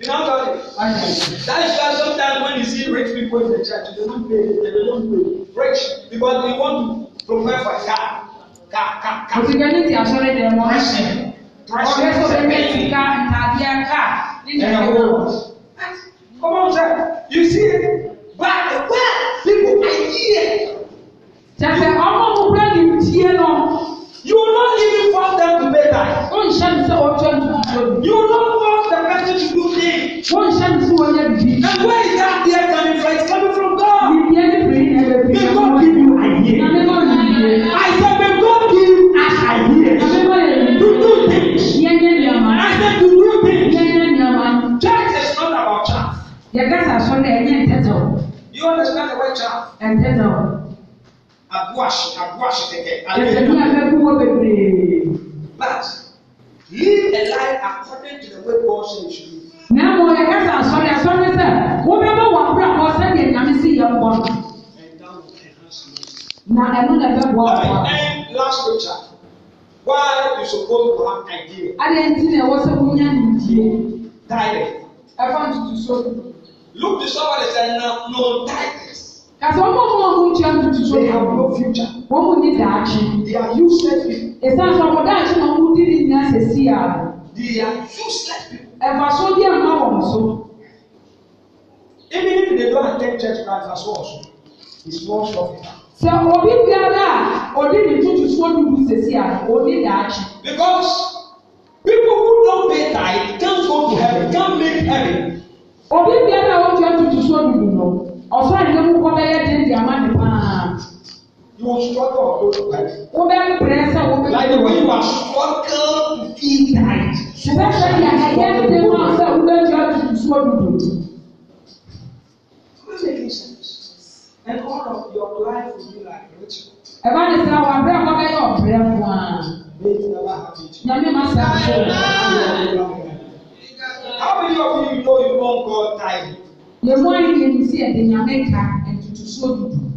You know God is. That's why sometimes when you see rich people in the church, they don't pay, they don't pay rich because they want to provide for car, car, car, car. Òtítọ́ ní ti àṣọlẹ̀ dẹ̀ mọ́. Pressure. Pressure. Ọ̀rẹ́ tó fẹ́ bẹ́ẹ̀ ti ká tàbí ká nínú Come on, sir. You see, back the back, people are here. Jẹ́sẹ̀ ọmọ òun bẹ́ẹ̀ ni tiẹ̀ náà. You no even force them to pay that. Ó ń ṣe ní sẹ́ ọjọ́ ìdúró. You no Wọ́n ṣe ń fún ọyẹ bí. And where is that dear coming from? It's coming from God. Ní bí ẹni pè é ẹgbẹ́ May God give you àyè. May God give you àyè. I said may God give you as àyè. May God give you to do things. Yẹ́n yẹ́n ni a ma. I said to do things. Yẹ́n yẹ́n ni a ma. Church is not about chance. Yàgá sàṣọ náà ẹ̀yẹ́ ń tẹ̀tọ̀. You understand the word chance? Ẹ̀ ń tẹ̀tọ̀. Abuaṣe abuaṣe kẹ̀kẹ́. Ẹ̀sẹ̀ ní abẹ́kú wọ́n bèbèrè. But live a life according to the way God says you should live na mmom yɛkasa asɔre asɔre sɛ wobɛbɔ wɔ abrabɔ sɛdeɛ nyame si yɛ mbɔ no na ɛno na ɛbɛboa wɔ Why you supposed to have idea? Adẹ́ntìnà ẹ̀wọ́ sẹ́ wọ́n yá nìyí. Direct. Ẹ̀fọn tuntun so. Look to somebody say no no tightness. Kàtà ọmọ ọmọ ọmọ ń jẹun tuntun so. They have no future. Wọ́n mu ní dàákì. They are useless people. Ẹ̀sán sọ̀kọ̀ dàákì náà wọ́n mú dídì ní àṣẹ sí ààrùn. They are useless people ɛnfaso bi ɛnfa wɔn so ebi ni de do atɛ church na ɛnfaso wɔ so is one shop na. sɛ obi biara a odi ne tututuo dudu sesi a odi ne akyi. because people who don pay tithe can't go to heaven can't make heaven. obi biara a odi tututuo dudu no ɔsoro ɛnyɛ mu kɔ bɛyɛ den di ama ne paa you will struggle to life. Wobɛn pɛrɛsɛ wo bɛ. Like the way you are struggle to feed tight. Ṣùgbọ́n ṣe yà ẹ̀yẹ́ ti dé náà sẹ́ wọ́n bẹ́ẹ̀ jẹ́ ọdún tó dùdù. And all of your life will be like ritual. Ẹ bá ní sinna wà abúlé ọkọ bẹ́ẹ̀ yọ ọ̀bẹ̀rẹ̀ fún wa. Nyàmé ma sá ṣe o. How many of you know you don go time? Yẹ̀mú ayé yẹn ti sí ẹ̀dẹ̀ nyàmé ká ẹ̀tùtù sódùdù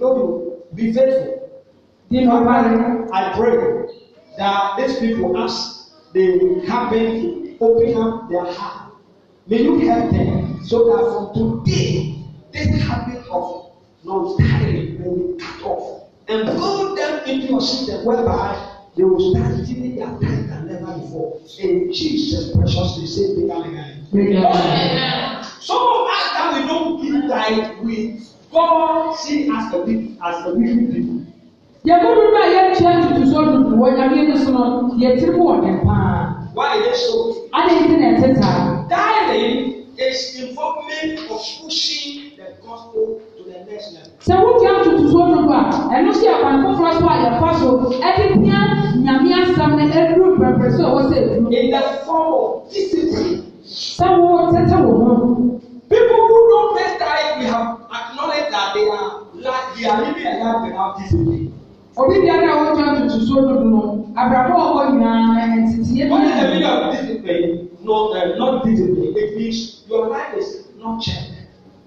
you know you be faithful. Normally, I pray that these people, as they happen, open up their heart. May you help them so that from today, this habit of non-stealing may be cut off and pull them into your system whereby they will start giving their time than never before. In Jesus' precious name, say, Amen. Some of us that we don't give tithe, with fall she as a weak as a weak people. Yɛburu no a yɛtua ntutuso dudu wɔ Nyame ni so no yɛtiri mu ɔden paa. Why is it so? Adi ti na ɛte saa. Dialing is involvement of pushing the gospel to the next level. Sɛ wotua ntutuso dudu a ɛno si akwan foforɔ so a yɛfa so ɛde pia Nyame asam na ɛduru pɛrɛpɛrɛ so a wɔsɛ eduru. In the form of discipline. Sɛ wɔn tete wɔn ho. People who don't first die we have decided that they are like they are living a life without discipline. obi bi ada awo twa tutu so dodo no abrabọ ọkọ nyinaa ẹtete yẹn. what is the meaning of discipline no uh, not discipline it your life is not checked.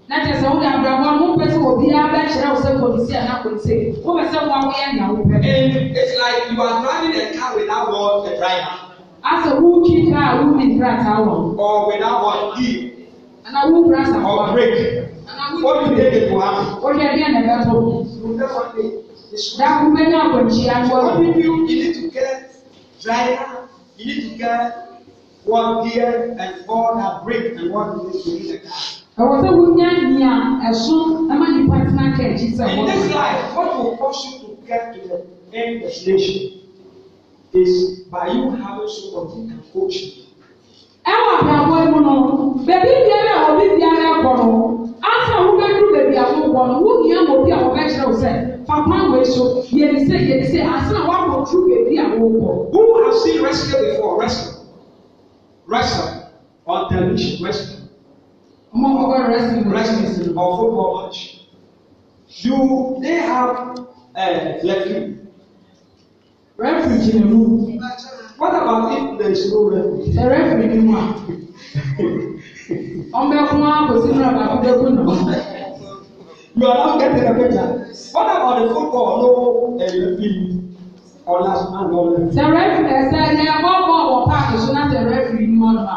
na kyerɛ sɛ wode abrabɔ no wompɛ sɛ obiara bɛkyerɛ wo sɛ kɔnsi ana kɔnsi wopɛ sɛ woa woyɛ nea wopɛ It's like you are driving a car without what the driver. Asɛ wokyi kaa wo ne krataa wɔ. Or without one key. Ana wo brasa. Or brake what you take it to happen. Ó yẹ bí ẹ̀nà bẹ́ẹ̀ bọ̀. Dàkú bẹ́ẹ̀ ní àkọ̀jìyà ń bọ̀. What if you you need to get driver, you need to get one gear and four that break, and one you need to use a car. Ẹ̀wọ̀n sẹ́ wọ́n nyá nìyà ẹ̀sùn ẹ̀ má nípa tí náà kẹ̀ wọ́n. In this life, what will cause you to get to the end destination is by you having somebody to can coach you. Ẹ wà àgbàgbọ́ ẹ̀mú nù, bẹ̀bí ìdí ẹ̀rẹ̀ ọ̀bí ìdí ẹ̀rẹ̀ ẹ̀kọ́ nù asa wobɛduru baabi a wowɔ no wohia ma obi a wɔbɛkyerɛ wo sɛ fa kwan wei so yɛde sɛ yɛde sɛ asa a woakɔturu baabi a wowɔ who have seen wrestling before wrestling wrestling on television wrestling ọmọ ọgbẹ wrestling wrestling or football match do they have uh, referee referee gyina mu what about if there is no referee the referee ni mu a ọmọ ẹkún akọsí náà bàbá ẹkún náà. you are now getting the picture what about the football no ẹyẹ fi ọlá and ọlẹ. tẹrẹfì ẹsẹ ẹni ẹgbọ bọ wọ paaki so na tẹrẹfì ni wọn ma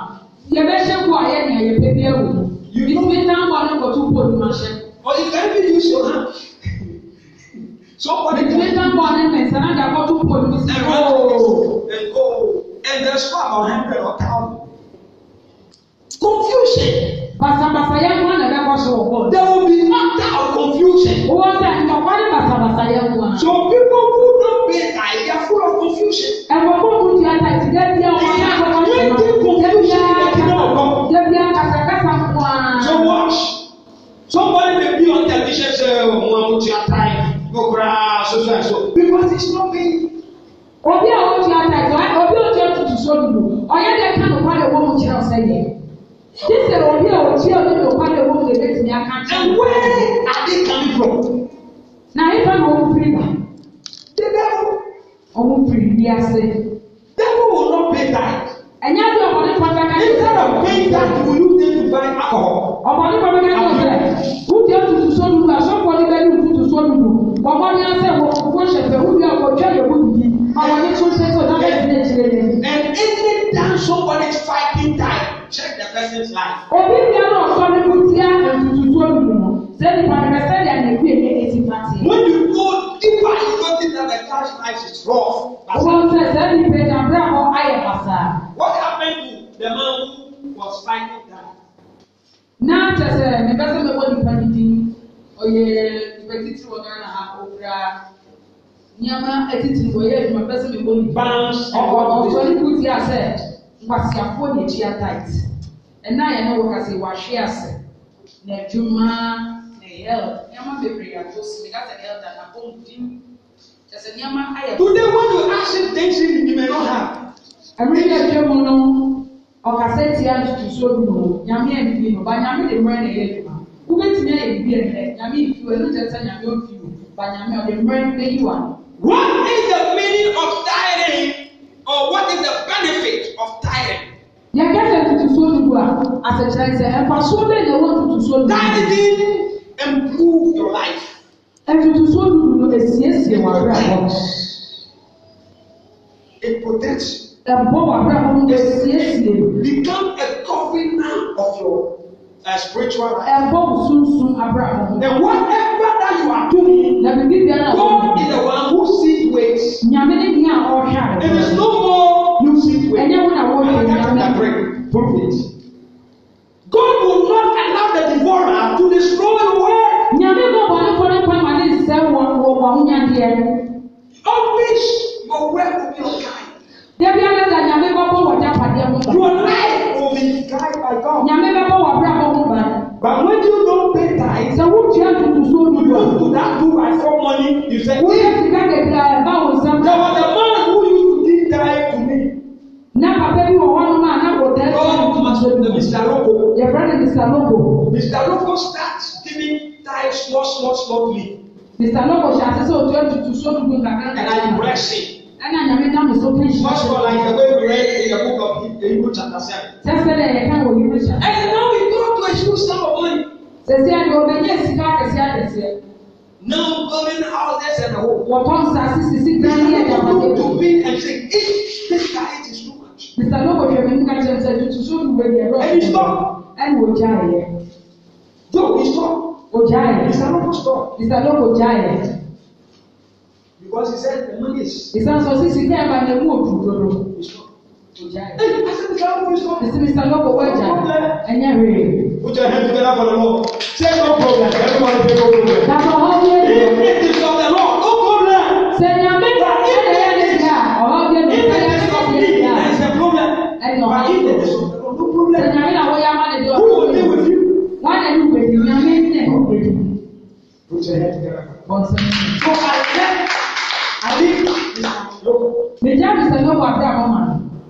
yẹbẹ ṣe kú ayé ni ẹyẹ pépé ẹwù ní bí náà wọn ní kò tún bọ ọdún ma ṣe. ọ̀yẹ̀kẹ́ bí yóò ṣe hàn. When you go deeper, you notice that the cash price is rough. What happened to the man who was fighting that? na kyerɛ sɛ ne bɛsɛ mɛbɔ nipa ne din ɔyɛ nipa titiri wɔ ghana ha ɔkura nneɛma atitiri ɔyɛ adwuma bɛsɛ mɛbɔ nipa ɔkɔ ɔkɔ ne kuti a sɛ nkwasiafoɔ na akyi atite ɛna yɛn no wɔ kasa wɔahwe ase na adwuma na health nneɛma bebree ato so ne kasa health na abɔ din kyɛsɛ nneɛma ayɛ. today when you action tension in you may not have. ɛmɛ yɛ twɛ mu no ɔkasa tia ntutusuo bi mu nyame ɛnfi no ba nyame de mmerɛ na ɛyɛ adwuma wobɛtumi ayɛ bi ɛhɛ nyame nfi wo ɛnu kyɛ sɛ nyame ɔnfi wo ba nyame ɔde mmerɛ bɛyi wa. what is the meaning of tiring or what is the benefit of tiring yɛkɛsɛ ntutusuo no gu a asɛkyerɛ sɛ ɛfaso bɛ na ɛwɔ ntutusuo no gardening improve your life ntutusuo no gu no esiesie w'abrɛ abɔ it protects ɛbɔ w'abrɛ abɔ no esiesie become a governor of your uh, spiritual life ɛbɔ sunsun abrɛ abɔ no and whatever that you are doing na bibi biara God is the one who sees ways nyame ni bi a it is no more this way. Ẹ̀yẹ́ wọn àwọn ènìyàn náà. Prove it. God will not allow the devourer to destroy the world. Nyame bọ̀ your work will be your guide. Dẹ́bi be guided man na papa bi wɔ hɔnom a na wɔdɛ. ɔn kuma sɛ ɛna mr loko. yɛfrɛ no mr loko. mr loko start giving tie small small small play. mr loko hyɛ ase sɛ otu etutu so dugu kakra kakra. ɛna yɛ brɛ se. ɛna nyame nam so fi. much more like the way we read in the book of Hebrew chapter seven. sɛsɛ dɛ yɛ kan wɔ Hebrew chapter. and now we go to a huge sum of money. sɛsɛ yɛ dɔw bɛ nye sika akɛse akɛse. Now going out there and the whole. Wọ́n tọ́ nsàsí sisi gbẹ́ni ẹ̀dá wọn. To be and say, if this guy is mr no kò hwɛ mu nka kyerɛ sɛ tutu so nu wɛ deɛ lɔɔre ɛni sɔ ɛni o gya yɛ joe ni sɔ o gya yɛ mr no kò mr no kò gya because he said the money is. ìsànsọ sísè ní ẹ̀ma ni emu òtún dodo. Èsì mi sàn lọ́kọ̀ wájà ẹ̀yẹ́ rèé. Wújẹ́ ẹ̀hìn tó kẹ́lá fọlọ́wọ́. Ṣé ẹ̀ kọ́ problem? Ẹ̀rọ wà ní pé kó problem. Dàbọ̀ wọ́n yé. Ìyẹn ti sọ. Who will be with you? Why are you with you? You're amazing. Put your head together. So I left. I leave. Look. The job is a no after a woman.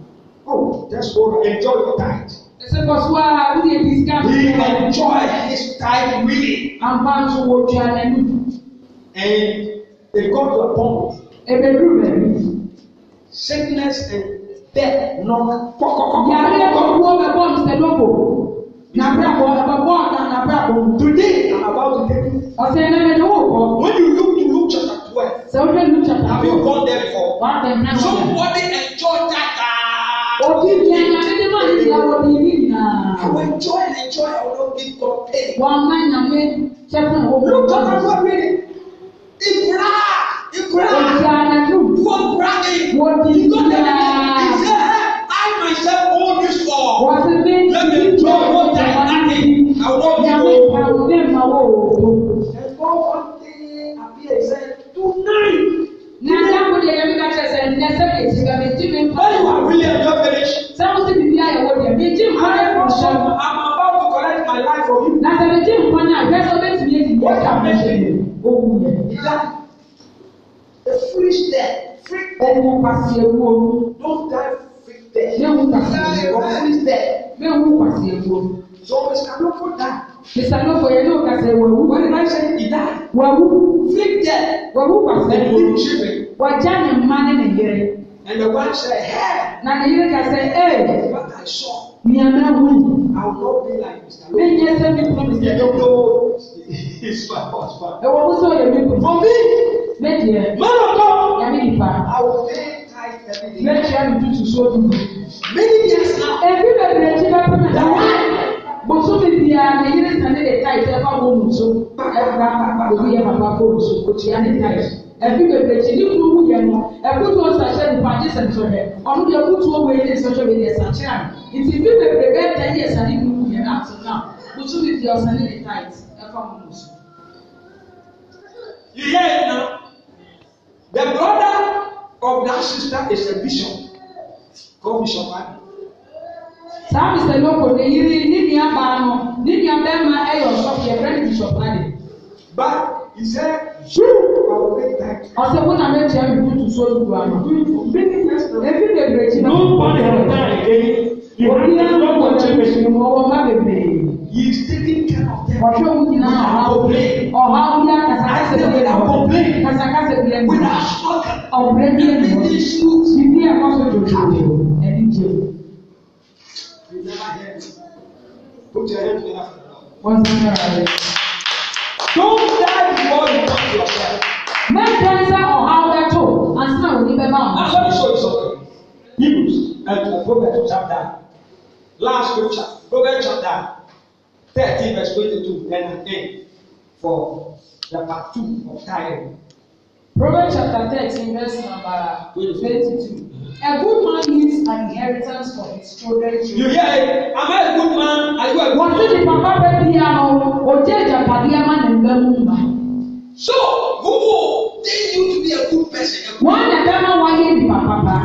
Oh, that's what enjoy your tithe. Ẹsẹ̀ kọ̀ sùn wá, ó di ebi sika. He enjoy his tithe really. Àǹfààní tó wọ́n ju alẹ́ And they got to a point. Ebèdúró bẹ̀rẹ̀. Sickness and bɛɛ nɔ kɔkɔkɔkɔ. yàrá yẹ kọ wọ bẹ bọ nsẹdọ kò n'abẹ bọ ẹbẹ bọ ọdà n'abẹ bọ. today i'm about to when you look to Luke chapter twelve. sẹ́wọ́n dé Luke chapter twelve. have you gone there before. wà á bẹ̀ náà. somebody enjoy that. òbí bíi ẹ̀yà nínú máa ń yà ní ibi náà. enjoy and enjoy I will not give God pain. wọ́n máa ń yàn look, sẹ́kùn owó. Luke chapter twelve reading. Ìkúra ìkúra. Ìkúra ẹ̀dùn. Wọ́n kúra ẹ̀yìn. Wọ́n what I'm mentioning, oh, yeah. A foolish death, freak ẹnu pàṣẹ ewu omi. Don't die freak death. Léwu pàṣẹ ewu omi. Foolish death, léwu pàṣẹ ewu omi. So Mr. Lofo die. Mr. Lofo yẹn náà kàṣẹ wẹ̀ wú. Wọ́n ní máa ń ṣe ìdá. Wà wú. Freak death. Wà wú pàṣẹ ewu omi. Wà já ní mma ní nìyẹn. And the one said, Hey! Na nìyẹn kàṣẹ, Hey! What I saw. Nìyàmẹ́ wù yìí. I will not be like Mr. Lowe. Mi yẹ sẹ́ mi kúrò mi. Yẹ kí o kúrò. It's my fault. Ẹ̀wọ̀n mú mi kúrò. For me. Méjì yẹ. Mọ́nà kọ́. Yàmi nìpa. I will pay tithe every day. Mẹ́jì yà mi tutù sóòtù. Many years now. Ẹbí bẹ̀rẹ̀ ẹ̀jẹ̀ bá fún mi. Dàwa. Bùsùnmi bìíya ní yírí sàn ní lè ta ìtẹ́fà wọ́n mú so. Ẹ̀fọ́ bá bá bá òbí yẹ bàbá fóònù so. Kò tì yá ní táyì ɛbi bebree ni kuru wu yɛ no ɛkutu ɔsa hyɛ nipa agye sɛ nsɔhwɛ ɔno deɛ kutu owo yɛ nsɔhwɛ bɛ yɛ sa kyerɛ no nti bi bebree bɛyɛ tɛ yɛ sa ne kuru wu yɛ na to na kutu mi fi ɔsa ne ne tait ɛfa mo mo so. yíyá yìí na the brother of that sister is a bishop called bishop abi. saa mr noko ne yiri ne nua baa no ne nua bɛrima ɛyɛ ɔsɔfo yɛ fɛn bishop abi. but he said ọsẹ fún nàbẹ jẹ ẹbí tó so ìlú àná ẹbí bèbèrè jì náà. nobody has died again. orí ẹ̀ ló wọ chẹ́pẹ̀sì ni wọ́n wọ́n bá bèbèrè. he is taking care of them. ọ̀ṣọ́ òun ti náà ọ̀há ọ̀há òun yá kàṣàkàṣà bí ẹ̀ kàṣàkàṣà bí ẹ̀ ọ̀bẹ bí ẹ̀ ní bí ẹ̀ kọ́ so jòjò ẹ̀dí jẹ́ o. wọ́n ti ń bẹ̀rẹ̀ rẹ̀ mɛtɛn sɛ ɔhaw bɛto ansa na oni bɛma ɔmo. asɔre sɔ yi sɔre hebrews ɛtu proverbs chapter last scripture proverbs chapter thirteen verse twenty-two and end for the part two of time. Proverbs chapter thirteen verse number twenty-two. A good man leaves an inheritance for his children. You hear it? Am I a good man? Are you a good man? Wọ́n ti di papa bẹ́ẹ̀ bí i àná, òjì ìjàpá bí i àmà nà ń bẹ́ mú ma. So, who will teach you to be a good person? Wọ́n yà dáná wáyé ìgbà pàpà.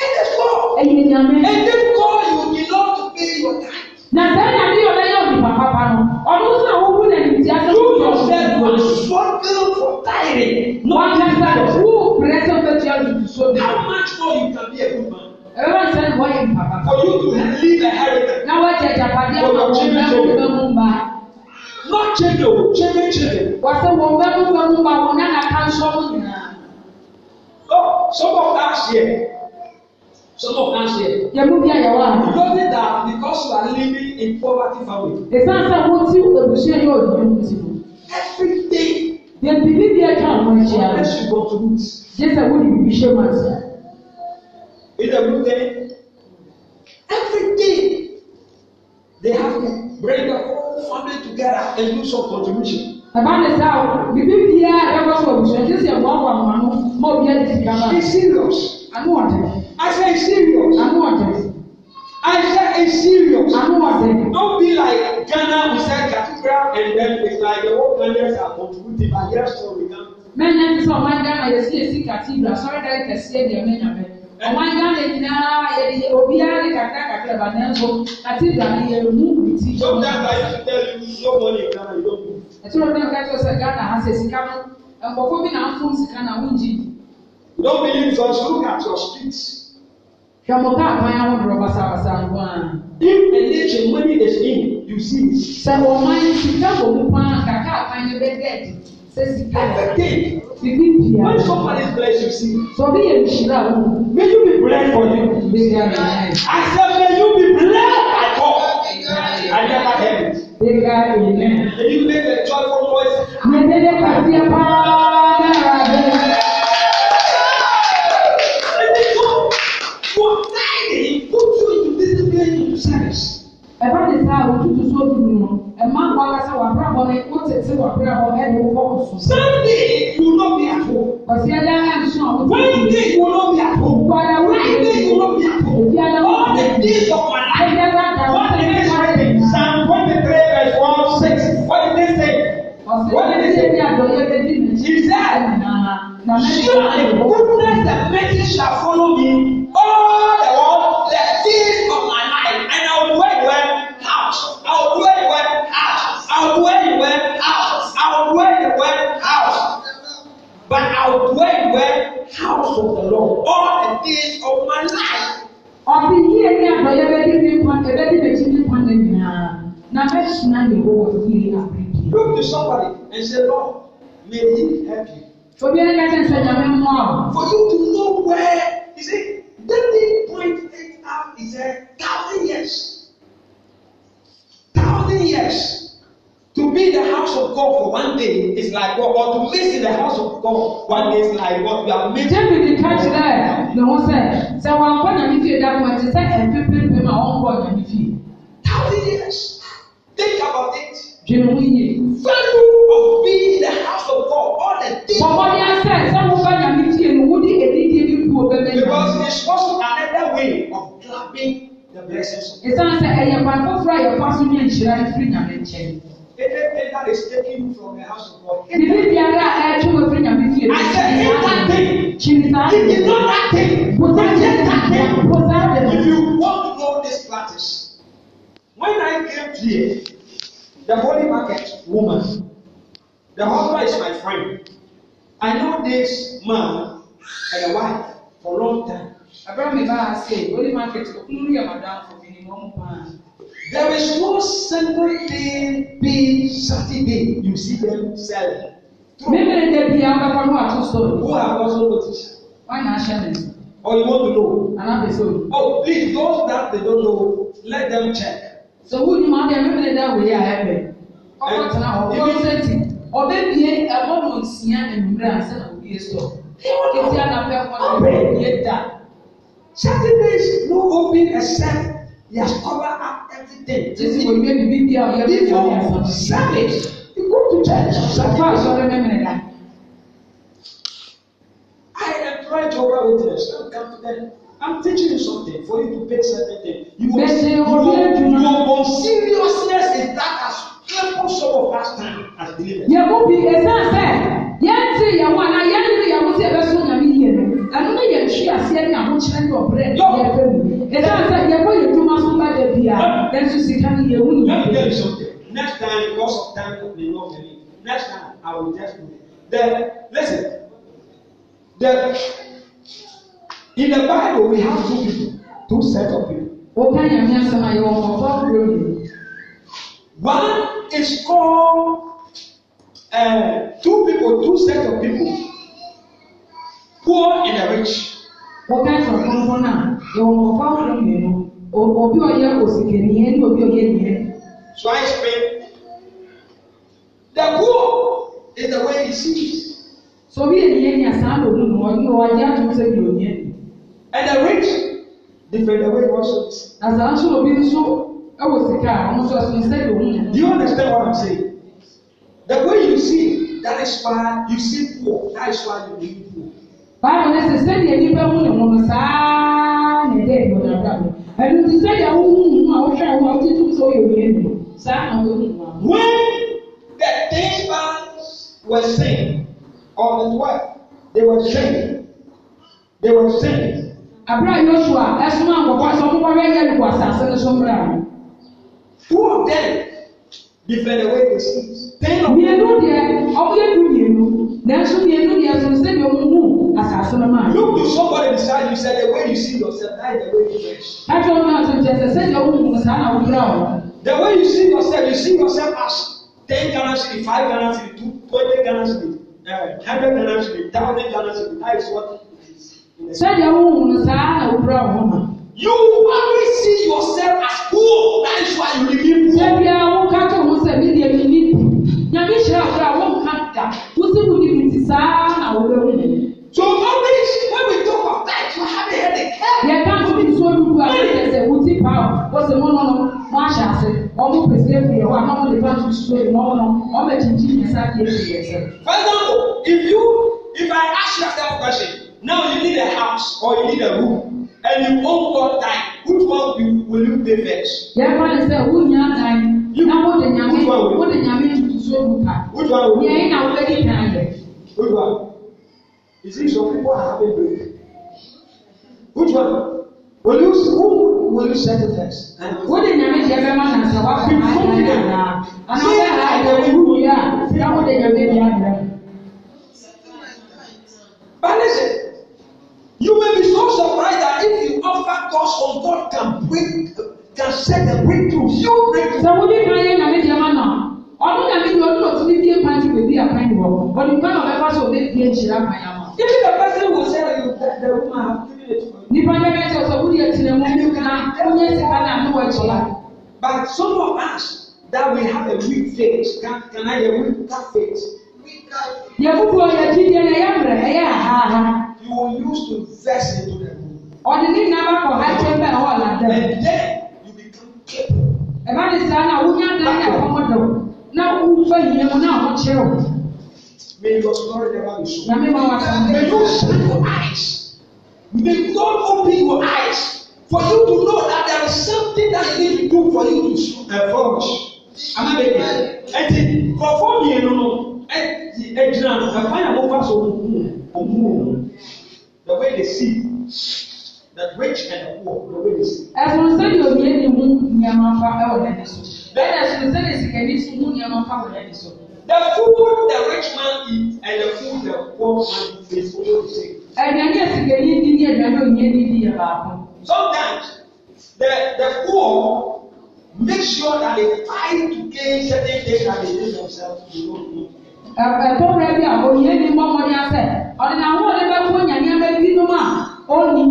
Ẹ lè kọ́. Ẹyin ni a mẹ́. Ẹ lè kọ́ you need not to pay your tithe. Na sẹ́yìn àti ìyọ̀lẹ́ yóò di Papa, pa nù. Ọdún sàn ó kún ẹ̀mí tí a sọ fún yọ̀ ṣẹ́ wà. Struggle for tithing. Wọ́n yà sá Who blessing fẹ́ tí a lù tù sóbi? How much more you can be a good man? Everyone ń why wáyé Papa? For you to leave the heritage. Now ẹ̀jẹ̀ jàpá díẹ̀ wọ̀ ọ̀gbọ́n mẹ́rin mẹ́rin not change o change change. wàtí wọn bẹ mú bẹ mú bá wọn náà ká nsọ wọn nyinaa. oh some of us here some of us here. yẹmu bí ayẹwo àná. you know that because you are living in poverty family. ìsàn e sàn mo ti ebusua yóò dùn mí ti mu. everything. yẹn ti ní bí ẹjọ àwọn ẹjẹ rẹ. unless you go to root. jésù àwọn olùbí ṣe máa ṣe. it's a good thing. they have to break up whole family together and do some contribution. Bàbá mi sá o, bíbí bí yá ẹ bá sọ òbí sọ̀rọ̀ jésù ẹ̀wọ̀n àwọn àmọ́ àánú mọ òbí ẹ̀ ti gbàgbà. She serious. Àánú ọ̀dẹ̀. I say serious. Àánú ọ̀dẹ̀. I say serious. Àánú ọ̀dẹ̀. No be like Ghana we say cathedral and then it's like the whole Ghanaians are contributing and yet so we can. Mẹ́nyẹ́ ti sọ ọmọ Ghana yẹ sí èsì cathedral sọ́rọ́dà kẹsí ẹ̀ ní ẹ̀mẹ́nyàmẹ́ ɔman ghana nyinaa yɛde obiara de kakra kakra ba nanso ati dani yɛrɛ mu bi ti. sometimes i fit tell you no money in ghana you don go. ɛtúrò náà ká tó sɛ ghana ha sɛ sika no nkɔfo bi na afun sika na ahun gyi. no believe us look at your street. hwɛmɔta akwan ahodoɔ basabasa nko ara. if a nation money is in you see. sɛ ɔman sika wɔ mu paa kaka akwan no When somebody is blessed, see. Sọ̀bí yẹn ìṣúra wù. May you be blessed for you. I said may you be blessed at all. I never heard Amen. May you make a joyful voice. Àdéhùn pàṣẹ pàrọ̀. ɛbɛ ne saa wotutu so odu mu ɛma nkɔ akasa wabra bɔ ne wotete wabra bɔ ɛde wokɔ wɔ so. sunday will not be at home. ɔsi ɛda nso a wotu. wednesday will not be at home. kwara wednesday will not be at home. ebi ada wɔn. all the days of my life. ɛdi ɛda da wɔn. what is this written psalm twenty three verse one six what did they say. ɔsi ɛda ɛdi ɛdi adɔyɛ bɛ di mi. he said. na na na mɛ ni wɔn. surely goodness and mercy shall follow me. dako ɛte sɛ ɛmpepempem a ɔnkɔ ɔnyame fie. thousand years think about it. dwene ho yie. value of being in the house of God all the day. bɔbɔ ni asɛ sɛ wofa nyame fie no wodi edidie bi kuo bɛbɛ nyame. because it's also another way of grabbing the blessings. ɛsan sɛ ɛyɛ kwan foforɔ a yɛfa so ne nhyira efiri nyame nkyɛn is taking you from the house of God. Bíbí biara ẹ̀jú wo fún Nyame fìyè. I said if that thing. Jìnnà. If you know that thing. Kò sá jẹ́ that thing. Kò sá jẹ́. If you want to know this practice, when I came here, the holy market woman, the husband is my friend. I know this man and the wife for long time. Abraham ibà ṣe holy market okunu yẹ madam for mi ni wọ́n mú pa. There is no single thing being Saturday. You see them selling. Mímìrì dè bi akakọ ní wàtú sóòlù. Who have also noticed? Wọ́n yàn ahyẹ́ mi. Or you want to know? Àná bẹ̀ Oh please those that they don't know let them check. Sọ wú ni màá dẹ̀ mímìrì dẹ̀ wòye àyẹ̀ bẹ̀. Ọkọ̀ tẹ̀lé àwọn ọ̀bẹ ọ̀sẹ̀tì. Ọ̀bẹ bìíye ẹ̀wọ́n mọ̀ nsìyà ẹ̀mìrì àṣẹ nà òbí yẹ sọ. Kìtì àná bẹ̀ kọ́ ọ̀bẹ yẹ dà. Saturdays no open except He has covered up everything. This is when you be there. Even service. You go to church. Sacrifice on the memory. I am trying to work with this. I'm come to them. I'm teaching you something for you to pay certain things. You will see your own seriousness is that as triple some of us time as believers. Yẹ kó bi ẹ̀sán sẹ́, yẹn ti yẹ̀ wọ́n na ɛno no yɛ nhwi aseɛ ne ahokyerɛ ne ɔbrɛ ne yɛ bɛ mu ɛsan sɛ yɛkɔ yɛ dwuma so ba da bia yɛn nso sika no yɛ wuni. next time because of time we may not believe next time i will just do it then listen then in the bible we have two people two set of people. o ka yàn mí asọ́mọ yẹ wọ́n kọ́ kúrò mi. one is called uh, two people two set of people poor and the rich. wọ́n ká ẹ̀sán fúnfún náà ìwọ̀n ọ̀fà ọ̀rọ̀ mìíràn òbí ọ̀yẹ́ òsìkè nìyẹn ní òbí ọ̀yẹ́ nìyẹn. so I explain the poor is the way he sees. so bí ènìyàn ní àṣà àlòdù nù ọdún ọwọ́ ajé àtúnṣe ní òní ẹ̀. and the rich different the way he was. àṣà àṣọ òbí nso ẹwọ sika àwọn sọ ẹsùn sẹ́yìn òun. do you understand what I'm saying? the way you see that is why you see poor that is why you need poor báyìí ní sè sẹ́díẹ̀ nípa mu ne ho sáá ne dé ìbò dàda no ẹnu ti sẹ́díẹ̀ ahuhu mu a wọ́hwẹ́ ẹ̀hún a wọ́n ti tún yẹ wíyẹn nù sáá àwọn ohun mu When the bands were singing on the way they were singing they were singing. Abúlé Yosua ẹ̀sùn àkọ́kọ́ sọ fún wọn bẹ́ẹ̀ yẹ lùkọ́ àṣà àṣẹ ní sọ́mùrà. Who then? different way to see. mmienu deɛ ɔbɛyɛ du mmienu nanso mmienu deɛ sɔn sɛ deɛ ɔmo hu asase no maa. look to somebody beside you say the way you see yourself that is the way you dress. ɛtɔ náà tó jẹ sɛ sɛdeɛ ɔmo hu saa na ɔmo yira the way you see yourself you see yourself as ten Ghana five Ghana two twenty Ghana uh, hundred Ghana thousand Ghana that is what it is. sɛdeɛ ɔmo hu saa na ɔmo yira ɔmo ma. You always see yourself as poor. That is why you remain poor. Ṣé bí àwọn kájọ wọn sẹ̀ ní ìdíyẹ mi ní ìlú? Yàmi ṣe àfẹ́ àwọn nǹkan dà. Mo sì kú níbi tí sáá àwọn ọ̀rẹ́ mi. So always when we talk of that, you have a headache. Yẹ ká tó bí tó dùn àwọn ẹsẹ̀ wò ti pa ọ̀. Wọ́n sì mú nínú wọn àṣà àṣẹ. Wọ́n mú pèsè èfì ẹ̀wọ̀ àmọ́ wọn lè bá tún sọ èèmọ̀ wọn. Wọ́n bẹ̀ jìjì yẹn sá kí èsì yẹn sẹ́. For example, if you if I ask you a simple question, now you need a house or you need a room and you won't got time, which one will you, will you pay first? Yẹ kọ́ ni sẹ́, wọ́n nyà dan, na wọ́n de nyàmé, wọ́n de nyàmé tuntun so mu ka. Which one will you? Yẹ́n na wọ́n bẹ́ẹ̀ nyà yẹ. Which one? You see, some people are having break. Which one? Will you, who will you set it first? Wọ́n de nyàmé jẹ bẹ́ẹ̀ ma na sẹ́, wà á fi máa yẹ yẹ náà. Àná wọ́n yà á yẹ wúwo yá, yà wọ́n de nyàmé yà yẹ. Banish it. You may be so surprised factors of God can break can set a breakthrough. You breakthrough. Sọ wọ́n ní kan yẹn nyàmé diẹ ma nà. Ọdún nyàmé diẹ ọdún òtún ní bíyẹn pan ti wò bíyà pan wọ̀. Ọdún náà bẹ́ẹ̀ sọ wọ́n bẹ́ẹ̀ bíyẹn jìrà yà mọ̀. If the person will say you that the woman have given it to you. Nípa ní ẹgbẹ́ wúni ẹtì náà wọ́n ní kan wọ́n yẹ náà ní ẹ̀tọ́ la. But some of us that we have a weak faith can can I a weak faith. Yẹ fufuo yẹ jíjẹ yẹ yẹ mìrẹ ẹ You will use to vex into the ɔde ne nyinaa ba kɔ ha kyɛn bɛɛ ɛhɔ ɔladam ɛba de saa na wonya dan na ɛkɔm do na wofa yie mu na ɔmo kyerɛ o. May your story never be so. May you open your eyes. May God open your eyes for you to know that there is something that He can do for you to flourish. Am I making sense? Ẹti kọ̀ọ̀fọ̀ mìíràn nù ẹti ẹ̀fọ́ yà wọ́n fa so òmùú òmùú the way they see that rich and the poor the way they see. ẹsùn sẹ́yìn òbí ẹni mú nìyẹnmá fa ẹwọ n'ẹni so. bẹ́ẹ̀ ẹsùn sẹ́yìn sìkẹ́ ní sùn mú nìyẹnmá fa ẹwọ n'ẹni so. The food the rich man eat and the food the poor man eat is also the same. Ẹ̀dùnú ẹ̀sìnkè ní ìdí ní ẹ̀dùnú òyìn ní ìdí yẹn baako. Sometimes the the poor make sure that they fight to gain certain things that they do themselves to know to do. Ẹ̀tọ́ rẹ̀ bí àwọn òyìn ní mọ́mọ́ ní asẹ̀, ọ̀dìnà àwọn ọ̀dẹ́gbẹ́ fún yàrá ẹgbẹ́ bínú mà ó ní.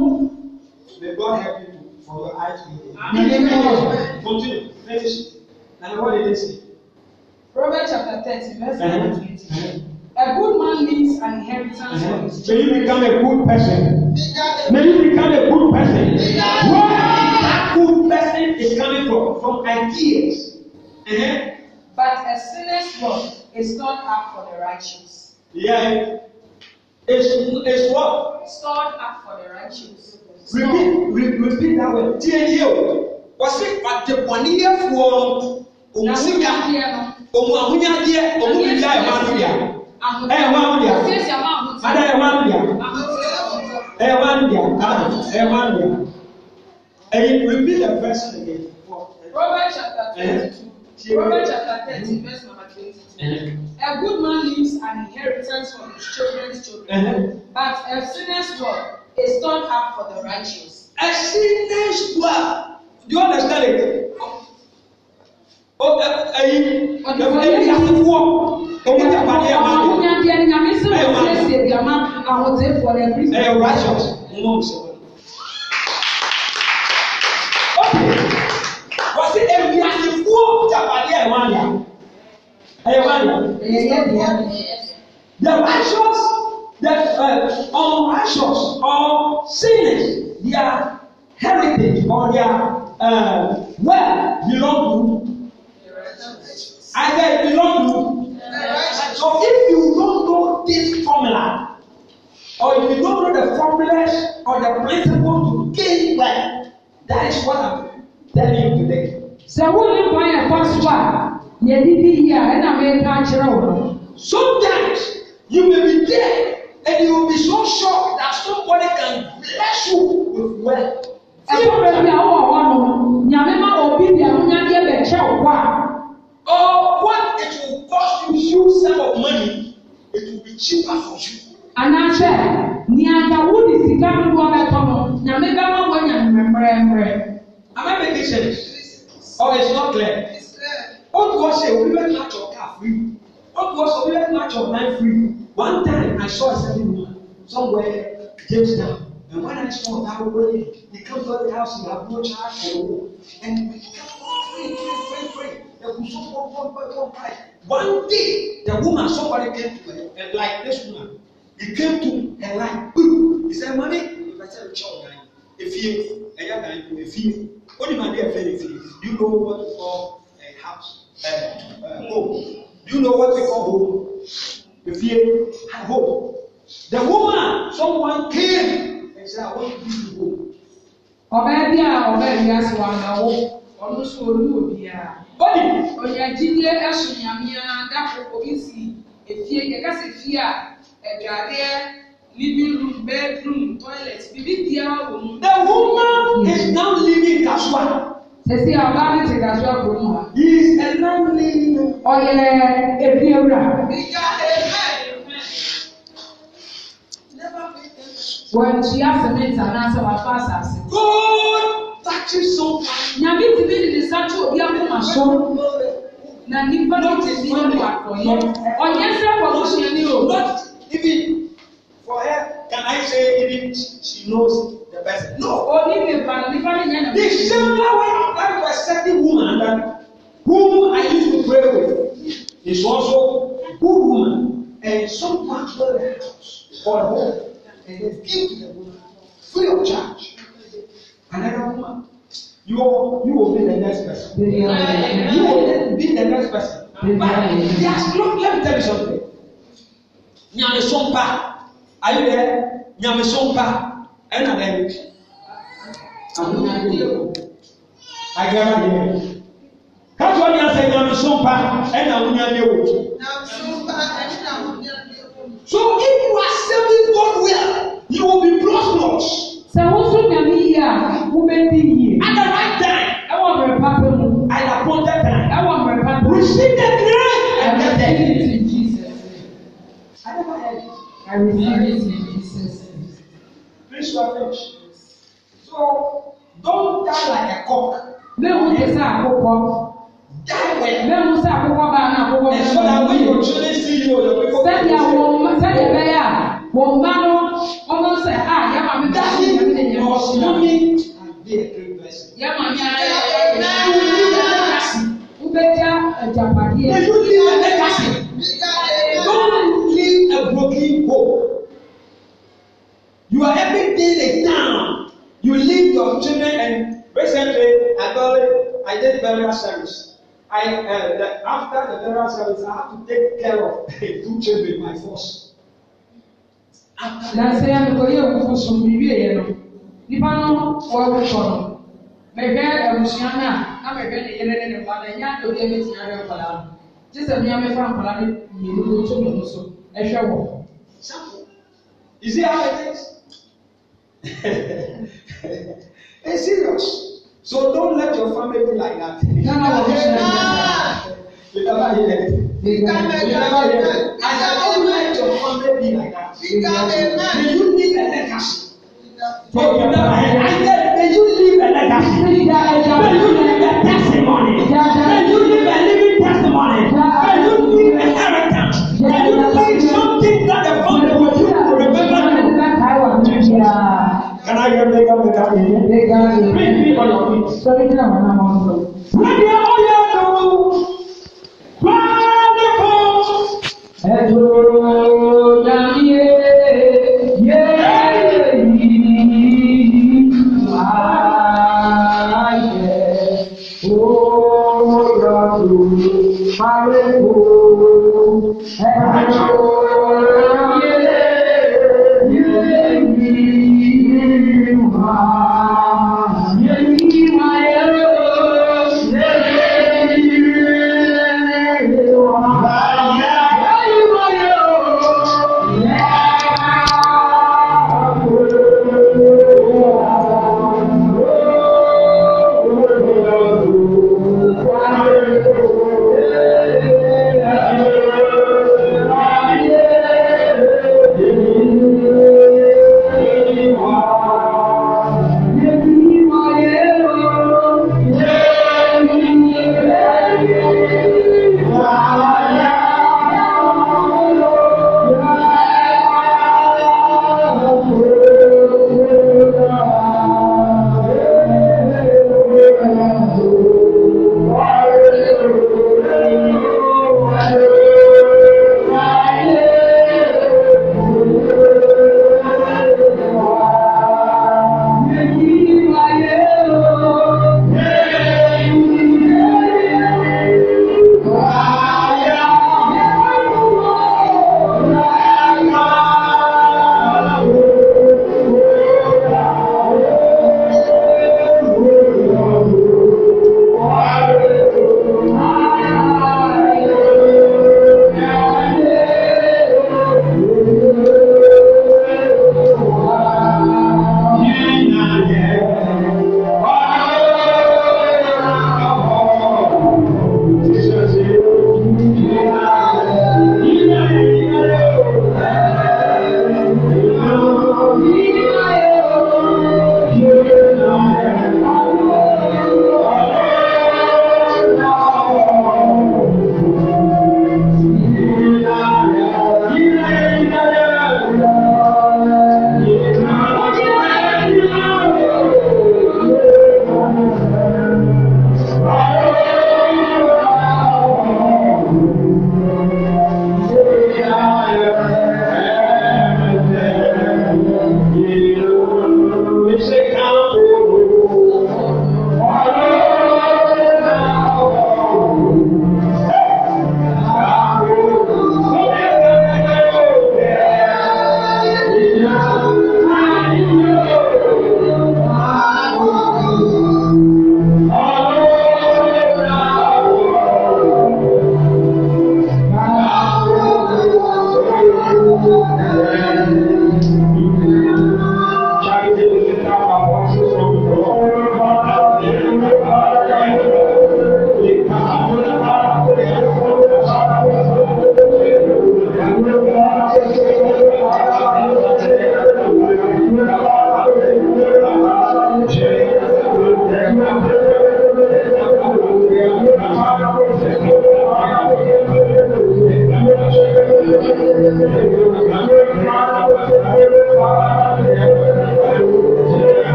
May God help you for your eyes to be there. Continue. Finish. And what did they say? Proverbs chapter 30, verse 19. Uh-huh. A good man leaves an inheritance for his children. Uh-huh. May you become a good person. May you become a good person. Where that good person is coming from? From ideas. Uh-huh. But a sinner's word is not up for the righteous. Yeah. It's, it's what? Stored up for the righteous repeat re, repeat that word tie yie o wɔsi adebɔneyɛfoɔ ɔmu sika ɔmu ahonyadeɛ ɔmu bibia ɛma no bia ɛyɛ ma no bia ada ɛyɛ ma no bia ɛyɛ ma no bia ada repeat the verse again. Proverbs chapter eh? thirty-two. Proverbs chapter thirty, verse number twenty-two. Eh? A good man leaves an inheritance for his children's children, eh? but a sinner's word is stored up for the righteous. A Ẹ̀sìnẹ́sì wa, do you understand it? Oh, O ẹyin, ẹyin ẹyin afufuo, òun ti pàdé ẹ̀ máa lò. Ọ̀nyàbí ẹni nyàmé sọ̀rọ̀ ẹ̀ ṣe èdè àmà àwọn tẹ̀ fọ̀ ẹ̀ bí. Ẹ righteous, n wọ́n sọ. Wọ́n ti ẹ̀mí afufuo ti pàdé ẹ̀ máa lò. Ẹ yẹ wá lò. Ẹ yẹ yẹ bìí. The righteous that uh, unrighteous or sinners, their heritage or their uh, wealth belong to either belong to. So if you don't know this formula, or if you don't know the formulas or the principle to gain wealth, that is what I'm telling you today. sɛ wone kwan ɛkɔ so a yɛdidi yi a ɛna meka kyerɛ wo no sometimes you may be there and you will be so shocked that somebody can bless you with wealth. Ẹ̀fọ́ bẹ̀rẹ̀ bí àwọn ọ̀wá nù, nyàmé má òbí bí àwọn nyàdíẹ̀ bẹ̀ kyẹ́ ọ̀wá. Or what it will cost you huge sum of money, it will be cheaper for you. Anahyɛ, ní àyàwó ní sika nínú ọbẹ̀ tọ́ nù, nyàmé bẹ́ẹ̀ má wọ nyà mẹ́rẹ́mẹ́rẹ́. Am I making sense? Or it's not clear? Ó kọ́ ṣe òbí bẹ́ẹ̀ náà jọ káà fún yìí. Ó kọ́ ṣe òbí bẹ́ẹ̀ náà jọ náà fún yìí. One time I saw a certain woman somewhere, James Down. And when I saw that woman, he comes to the house, he have no charge for the And we kept on praying, praying, praying, praying. so one, one, one, one, One day, the woman, somebody came to her, and like this woman, he came to her like, boom. He said, Mommy, if I If you, child, efie going to ko efie onimɔ adi ɛfɛ efie do you know what we call a house a uh, home do you know what we call home befie had The woman, someone came and said, I want to give you hope. Ọbaa bi a ọbaa bi ase wa na wo ɔno nso ɔnu obiara. Bọ́dì. Ɔyà jíde ɛso nyamia dako efie yɛka fie a ɛdwadeɛ living room bedroom toilet bibi biara wɔ mu. The woman is now living in Sèse a ọba mi ti Kasua kuro mu ha. He is a now living. Ɔyɛ ebi ewura. Ìyá. Wọ́n ti yá sẹ̀mẹ́ntì anáṣẹ́ wàá tó àṣàṣe. God touches someone. Nyàmí ti bí nìyí sáájú òbí akóma so. Na nípa náà ti bí nínú àkọ́yẹ. Ọ̀nyẹ́ sẹ́ wọ̀ ló ṣe ní o. Not even for her can I say even she knows the person. No. Oní mi pa nípa ní yẹn The similar way of life for a woman that who I used to pray with is also good woman and sometimes well house for home and they give to the woman free of charge. Another woman, you will, you will be the next person. You will be the next person. But yes, look, let me tell you something. Nyamesompa, are you there? Nyamesompa, and then I get it. Catch what you say, Nyamesompa, and I will not be So if you are serving God well, you will be prosperous. sɛ woso nyame yie a wobɛdi yie. at the right time. ɛwɔ mmerɛ papa mu. at appoint that time. ɛwɔ mmerɛ papa mu. receive the grace. I the it in jesus name. i never it. receive it in jesus name. please welcome. so don die like a cock. mehu te sɛ akokɔ. die well. mehu sɛ akokɔ baa na akokɔ. and so that when your children see you your people ọmọ sẹ a yẹ maa mi bẹ́ẹ̀ ni yẹn mi lè yẹ mọ mi. yẹ maa mi ara yẹ yẹ yẹ n bẹ ja ẹjapadi yẹ ẹ ká sẹ. Don't live a broken hope. You are every day a town. You leave your children and recently I buried, I did burial service. I uh, the, after the burial service I have to take care of two children by force na sɛ mekɔyɛ awufo so mewieɛ no nnipa no wɔwotɔ no mehwɛ abusua no a na mehwɛ ne yere ne ne mma no ɛnyɛ ade obiara bɛtumi ahwɛ nkwadaa no gye sɛ mmea mefa nkwadaa no mmienu no to me ho so ɛhwɛ wɔ You see how it is? It's serious. So don't let your family be like that. No, no, no. You never hear it. You never hear it your you leave a legacy. For you know, I said, may you leave a legacy. May you leave a testimony. May you leave a living testimony. May you leave a heritage. May you leave something that the father will do to remember. Can I get bigger, bigger in Bring me on your feet. Bring me on your feet. You, you, you are.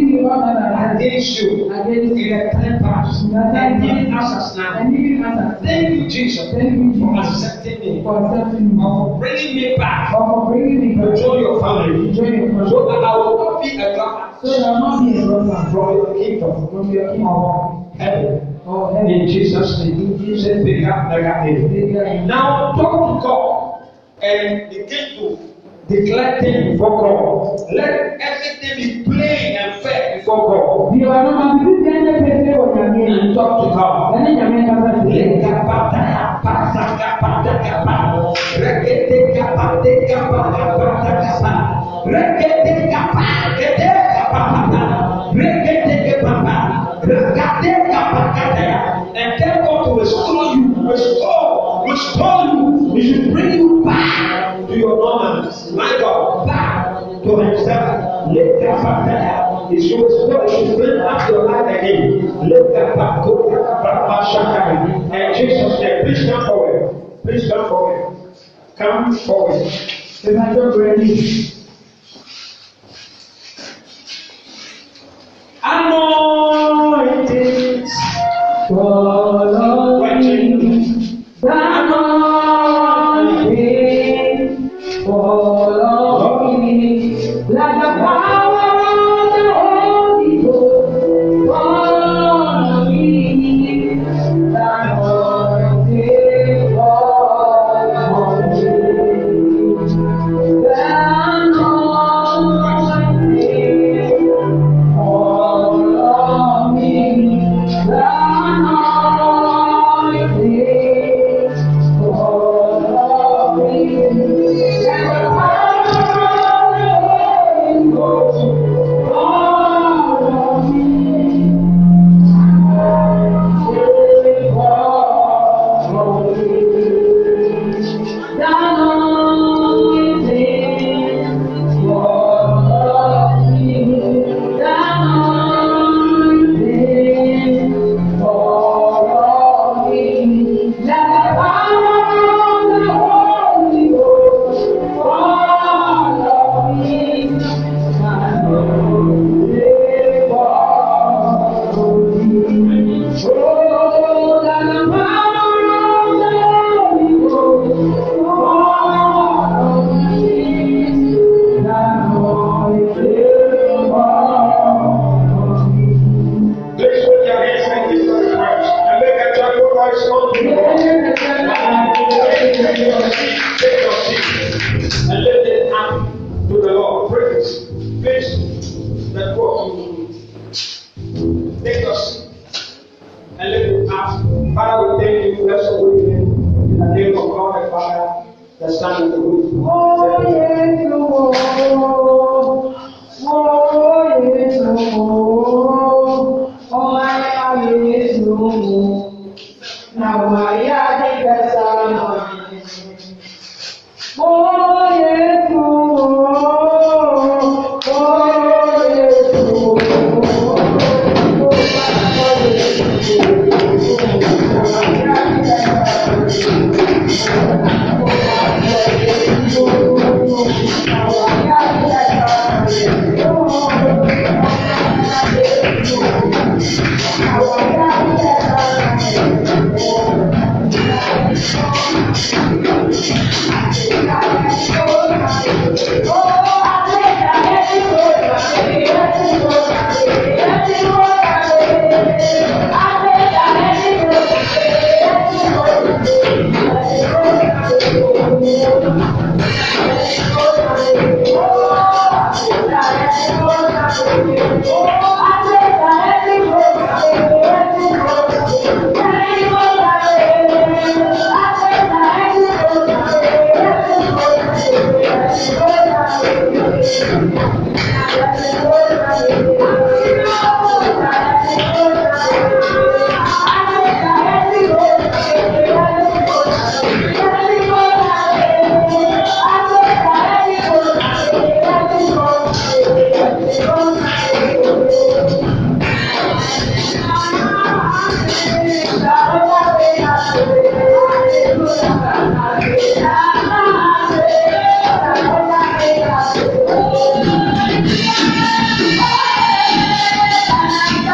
giving one another against you against in the time past and giving answers now. And giving answers. Thank you, Jesus. Thank you, For accepting me. For accepting me. for bringing me back. for bringing me back. Enjoy your family. Enjoy your family. So that I will not be a drama. So that I will not be a drama. From your kingdom. From your kingdom. Of heaven. Oh, heaven. In Jesus' name. In Jesus' name. Pick up, pick up, Now talk to God and begin to declare things before God. Let everything be obey and fair before God. Bí wàá náà máa bí bí ẹni pé ṣé wọ́n yàn mí. And talk to God. Ẹni yàn mí kásá sí. Lè kapa kapa sakapa dakapa. Rẹ̀kẹ̀tẹ̀ kapa dé kapa kapa dakapa. Rẹ̀kẹ̀tẹ̀ kapa kẹ̀tẹ̀ kapa kapa. Rẹ̀kẹ̀tẹ̀ kapa rẹ̀kẹ̀tẹ̀ kapa kẹ̀tẹ̀. And tell God to restore you, restore, restore you. He should bring you back to your normal. My God. It shows God should bring back your life again. Look at that. Go back. Shakari. And Jesus said, Please come forward. Please come forward. Come forward. Then I don't ready. Anointed. God.